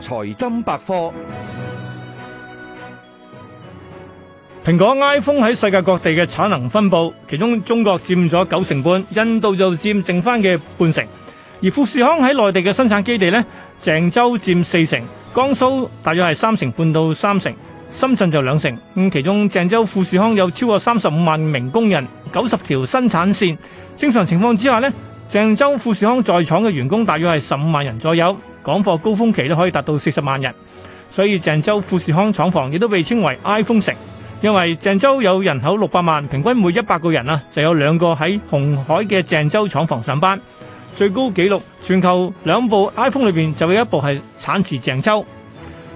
財金百科，蘋果 iPhone 喺世界各地嘅產能分佈，其中中國佔咗九成半，印度就佔剩翻嘅半成。而富士康喺內地嘅生產基地呢，鄭州佔四成，江蘇大約係三成半到三成，深圳就兩成。咁其中鄭州富士康有超過三十五萬名工人，九十條生產線。正常情況之下呢，鄭州富士康在廠嘅員工大約係十五萬人左右。港貨高峰期都可以達到四十萬人，所以鄭州富士康廠房亦都被稱為 iPhone 城，因為鄭州有人口六百萬，平均每一百個人啊就有兩個喺鴻海嘅鄭州廠房上班。最高紀錄，全球兩部 iPhone 裏面就有一部係產自鄭州。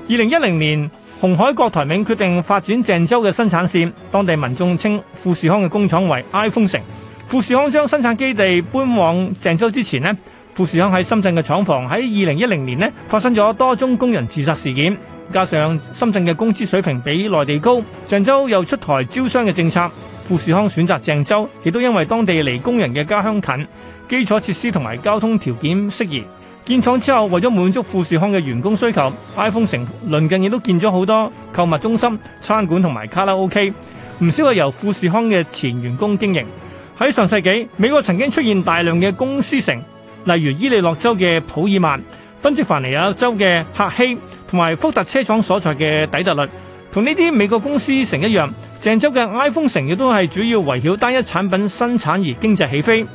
二零一零年，鴻海郭台銘決定發展鄭州嘅生產線，當地民眾稱富士康嘅工廠為 iPhone 城。富士康將生產基地搬往鄭州之前呢富士康喺深圳嘅廠房喺二零一零年呢發生咗多宗工人自殺事件，加上深圳嘅工資水平比內地高，鄭州又出台招商嘅政策，富士康選擇鄭州，亦都因為當地離工人嘅家鄉近，基礎設施同埋交通條件適宜。建廠之後，為咗滿足富士康嘅員工需求，iPhone 城鄰近亦都建咗好多購物中心、餐館同埋卡拉 OK，唔少係由富士康嘅前員工經營。喺上世紀，美國曾經出現大量嘅公司城。例如伊利諾州嘅普爾曼、賓夕凡尼亞州嘅客希，同埋福特車廠所在嘅底特律，同呢啲美國公司成一樣。鄭州嘅 iPhone 城亦都係主要圍繞單一產品生產而經濟起飛。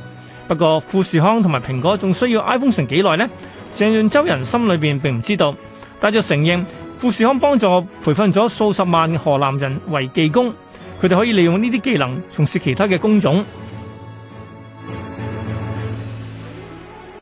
不過富士康同埋蘋果仲需要 iPhone 城幾耐呢？鄭州人心裏面並唔知道，但就承認富士康幫助培訓咗數十萬河南人為技工，佢哋可以利用呢啲技能從事其他嘅工種。